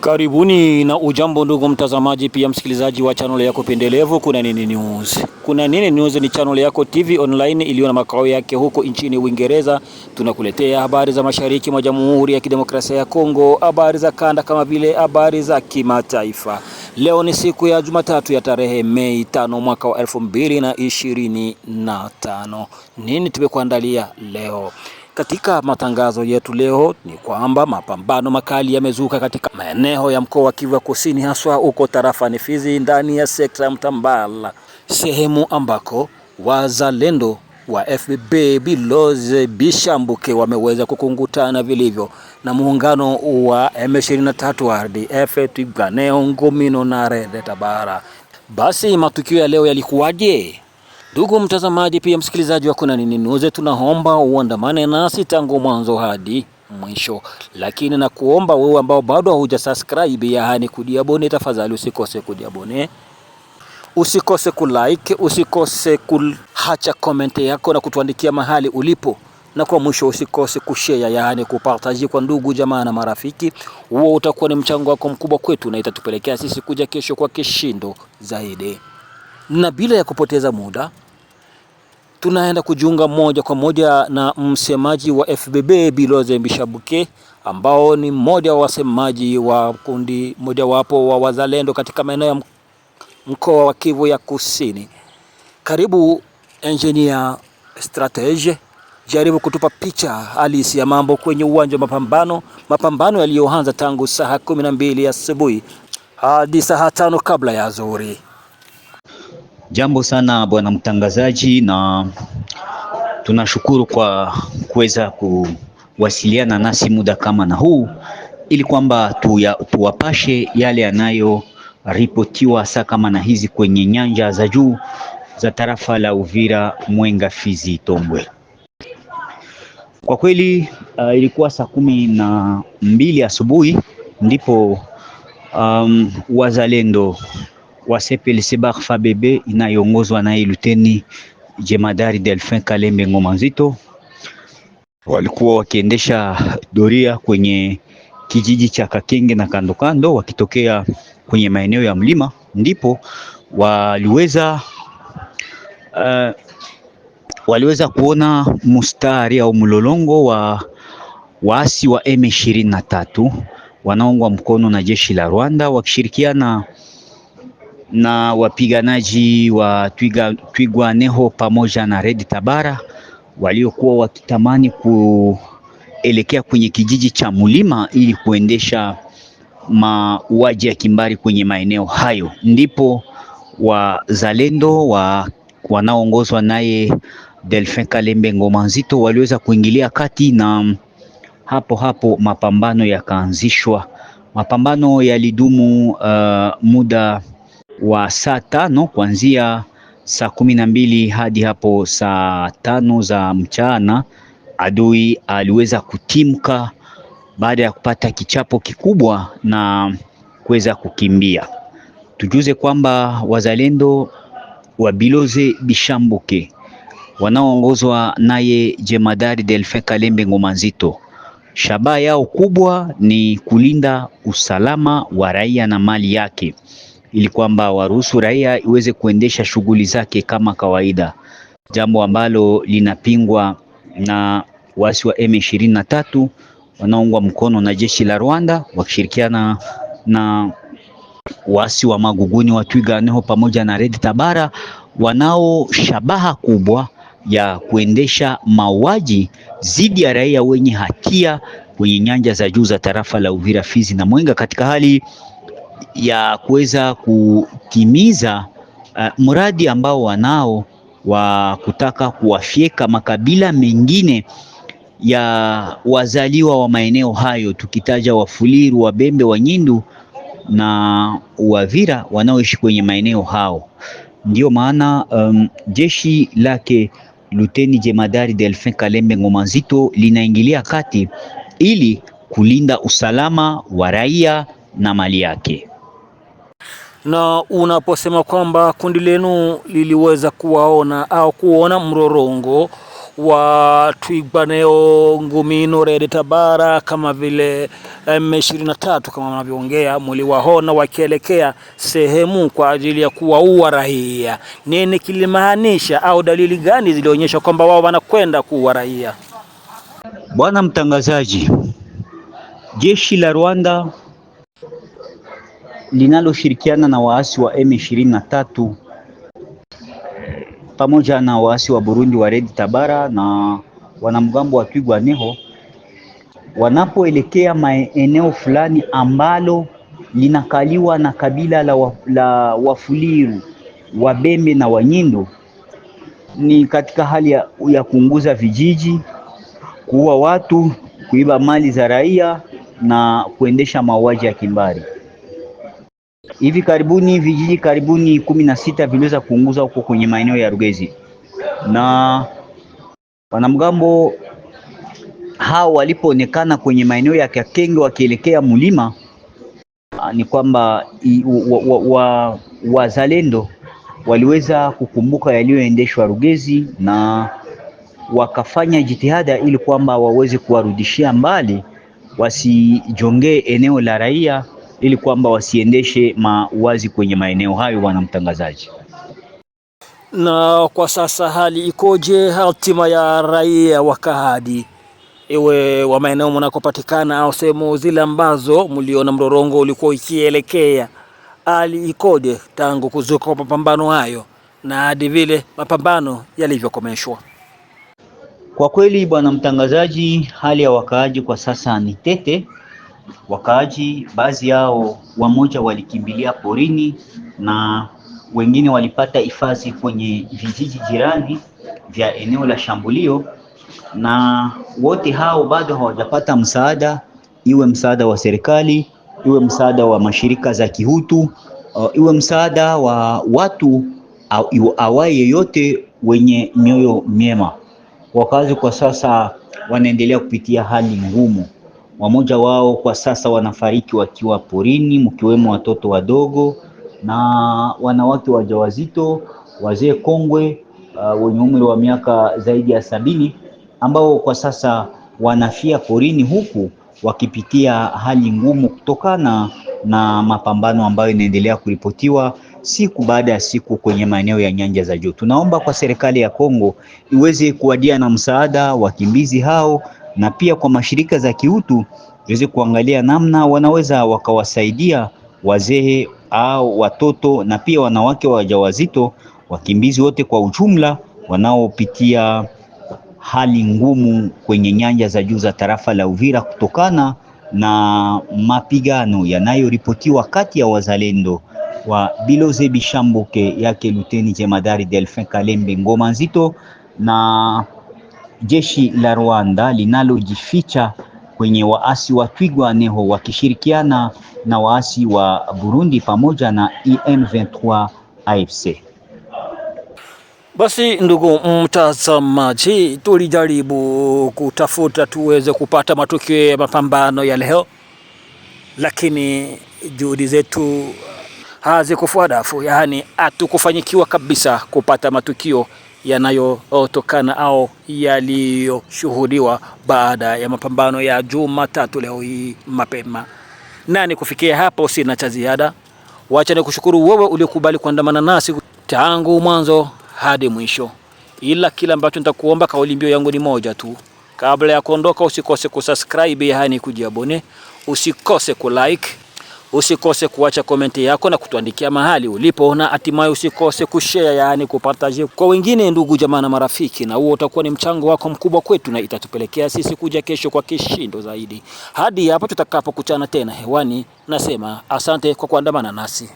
Karibuni na ujambo ndugu mtazamaji, pia msikilizaji wa channel yako pendelevu Kuna Nini News. Kuna Nini News ni channel yako TV online iliyo na makao yake huko nchini Uingereza. Tunakuletea habari za mashariki mwa Jamhuri ya Kidemokrasia ya Kongo, habari za kanda kama vile habari za kimataifa. Leo ni siku ya Jumatatu ya tarehe Mei tano mwaka wa 2025. na tano. Nini tumekuandalia leo? Katika matangazo yetu leo ni kwamba mapambano makali yamezuka katika maeneo ya mkoa wa Kivu Kusini, haswa huko tarafani Fizi, ndani ya sekta ya Mtambala, sehemu ambako wazalendo wa FBB Biloze Bishambuke wameweza kukungutana vilivyo na muungano wa M23 RDF Twirwaneho, Ngomino na Rede Tabara. Basi matukio ya leo yalikuwaje? Ndugu mtazamaji, pia msikilizaji wa Kuna Nini Nuze, tunaomba uandamane nasi tangu mwanzo hadi mwisho, lakini na kuomba wewe ambao bado huja subscribe, yaani kujiabone, tafadhali usikose kujiabone, usikose kulike, usikose kuhacha comment yako na kutuandikia mahali ulipo na kwa mwisho usikose kushare, yaani kupartaji kwa ndugu jamaa na marafiki. Huo utakuwa ni mchango wako mkubwa kwetu na itatupelekea sisi kuja kesho kwa kishindo zaidi na bila ya kupoteza muda tunaenda kujiunga moja kwa moja na msemaji wa FBB Biloze Mbishabuke ambao ni mmoja wa wasemaji wa kundi mojawapo wa wazalendo katika maeneo ya mkoa wa Kivu ya Kusini. Karibu engineer stratege, jaribu kutupa picha halisi ya mambo kwenye uwanja wa mapambano, mapambano yaliyoanza tangu saa kumi na mbili asubuhi hadi saa tano kabla ya zuhuri. Jambo sana bwana mtangazaji, na tunashukuru kwa kuweza kuwasiliana nasi muda kama na huu, ili kwamba tuwapashe yale yanayoripotiwa saa kama na hizi kwenye nyanja za juu za tarafa la Uvira, Mwenga, Fizi, Tombwe. Kwa kweli uh, ilikuwa saa kumi na mbili asubuhi ndipo um, wazalendo wa CPLC Barfa Bebe inayoongozwa naye Luteni Jemadari Delphin Kalembe Ngoma Nzito walikuwa wakiendesha doria kwenye kijiji cha Kakenge na kando kando, wakitokea kwenye maeneo ya mlima, ndipo waliweza uh, waliweza kuona mustari au mlolongo wa waasi wa M23 wanaungwa mkono na jeshi la Rwanda wakishirikiana na wapiganaji wa Twiga, Twigwa Neho pamoja na Red Tabara waliokuwa wakitamani kuelekea kwenye kijiji cha Mulima ili kuendesha mauaji ya kimbari kwenye maeneo hayo, ndipo wazalendo wa wanaoongozwa naye Delphin Kalembe Ngoma Nzito waliweza kuingilia kati na hapo hapo mapambano yakaanzishwa. Mapambano yalidumu uh, muda wa saa tano kuanzia saa kumi na mbili hadi hapo saa tano za mchana, adui aliweza kutimka baada ya kupata kichapo kikubwa na kuweza kukimbia. Tujuze kwamba wazalendo wa Biloze Bishambuke wanaoongozwa naye Jemadari Delfin Kalembe Ngoma Nzito, shabaha yao kubwa ni kulinda usalama wa raia na mali yake ili kwamba waruhusu raia iweze kuendesha shughuli zake kama kawaida, jambo ambalo linapingwa na waasi wa M23 wanaoungwa mkono na jeshi la Rwanda wakishirikiana na waasi wa maguguni wa Twirwaneho pamoja na Red Tabara wanao shabaha kubwa ya kuendesha mauaji dhidi ya raia wenye hatia kwenye nyanja za juu za tarafa la Uvira, Fizi na Mwenga katika hali ya kuweza kutimiza uh, eh, mradi ambao wanao wa kutaka kuwafyeka makabila mengine ya wazaliwa wa maeneo hayo, tukitaja Wafuliru, Wabembe, Wanyindu na Wavira wanaoishi kwenye maeneo hao. Ndiyo maana um, jeshi lake Luteni Jemadari Delfin Kalembe Ngoma Nzito linaingilia kati ili kulinda usalama wa raia na mali yake. Na unaposema kwamba kundi lenu liliweza kuwaona au kuona mrorongo wa twigwaneo ngumino rede tabara kama vile M23 kama wanavyoongea, mliwaona wakielekea sehemu kwa ajili ya kuwaua raia. Nini kilimaanisha au dalili gani zilionyesha kwamba wao wanakwenda kuua raia? Bwana mtangazaji, jeshi la Rwanda linaloshirikiana na waasi wa M23 pamoja na waasi wa Burundi wa Red Tabara na wanamgambo wa neho wanapoelekea maeneo fulani ambalo linakaliwa na kabila la, wa, la Wafuliru, Wabembe na Wanyindo, ni katika hali ya, ya kuunguza vijiji, kuua watu, kuiba mali za raia na kuendesha mauaji ya kimbari. Hivi karibuni vijiji karibuni kumi na sita viliweza kuunguza huko kwenye maeneo ya Rugezi, na wanamgambo hao walipoonekana kwenye maeneo ya Kakenge wakielekea mlima, ah, ni kwamba wazalendo wa, wa, wa waliweza kukumbuka yaliyoendeshwa Rugezi na wakafanya jitihada ili kwamba waweze kuwarudishia mbali wasijongee eneo la raia ili kwamba wasiendeshe mawazi kwenye maeneo hayo, bwana mtangazaji. Na kwa sasa hali ikoje, hatima ya raia Kahadi, iwe wa maeneo mnakopatikana au sehemu zile ambazo mliona mrorongo ulikuwa ukielekea hali ikoje tangu kuzuka kwa mapambano hayo na hadi vile mapambano yalivyokomeshwa? Kwa kweli, bwana mtangazaji, hali ya wakaaji kwa sasa ni tete. Wakaaji baadhi yao wamoja walikimbilia porini na wengine walipata hifadhi kwenye vijiji jirani vya eneo la shambulio, na wote hao bado hawajapata msaada, iwe msaada wa serikali, iwe msaada wa mashirika za kihutu, uh, iwe msaada wa watu awaye yeyote wenye mioyo miema Wakazi kwa sasa wanaendelea kupitia hali ngumu. Wamoja wao kwa sasa wanafariki wakiwa porini, mkiwemo watoto wadogo na wanawake wajawazito, wazee kongwe, uh, wenye umri wa miaka zaidi ya sabini ambao kwa sasa wanafia porini huku wakipitia hali ngumu kutokana na mapambano ambayo inaendelea kuripotiwa siku baada ya siku kwenye maeneo ya nyanja za juu. Tunaomba kwa serikali ya Kongo iweze kuwadia na msaada wakimbizi hao na pia kwa mashirika za kiutu ziweze kuangalia namna wanaweza wakawasaidia wazee au watoto na pia wanawake wajawazito, wakimbizi wote kwa ujumla wanaopitia hali ngumu kwenye nyanja za juu za tarafa la Uvira kutokana na mapigano yanayoripotiwa kati ya wazalendo wa Biloze Bishambuke yake Luteni Jemadari Delfin Kalembe Ngoma Nzito na Jeshi la Rwanda linalojificha kwenye waasi wa Twigwaneho wakishirikiana na waasi wa Burundi pamoja na e M23 AFC. Basi ndugu mtazamaji, tulijaribu kutafuta tuweze kupata matukio ya mapambano ya leo, lakini juhudi zetu hazikufua dafu, yaani hatukufanyikiwa kabisa kupata matukio yanayotokana au yaliyoshuhudiwa baada ya mapambano ya Jumatatu leo hii mapema. Na ni kufikia hapo, sina cha ziada. Wacha ni kushukuru wewe uliokubali kuandamana nasi tangu mwanzo hadi mwisho, ila kila ambacho nitakuomba, kauli mbiu yangu ni moja tu. Kabla ya kuondoka, usikose kusubscribe, yaani kujiabone, usikose kulike Usikose kuacha komenti yako na kutuandikia mahali ulipo, na hatimaye usikose kushare, yaani kupartaje kwa wengine, ndugu jamaa na marafiki, na huo utakuwa ni mchango wako mkubwa kwetu na itatupelekea sisi kuja kesho kwa kishindo zaidi. Hadi hapo tutakapokutana tena hewani, nasema asante kwa kuandamana nasi.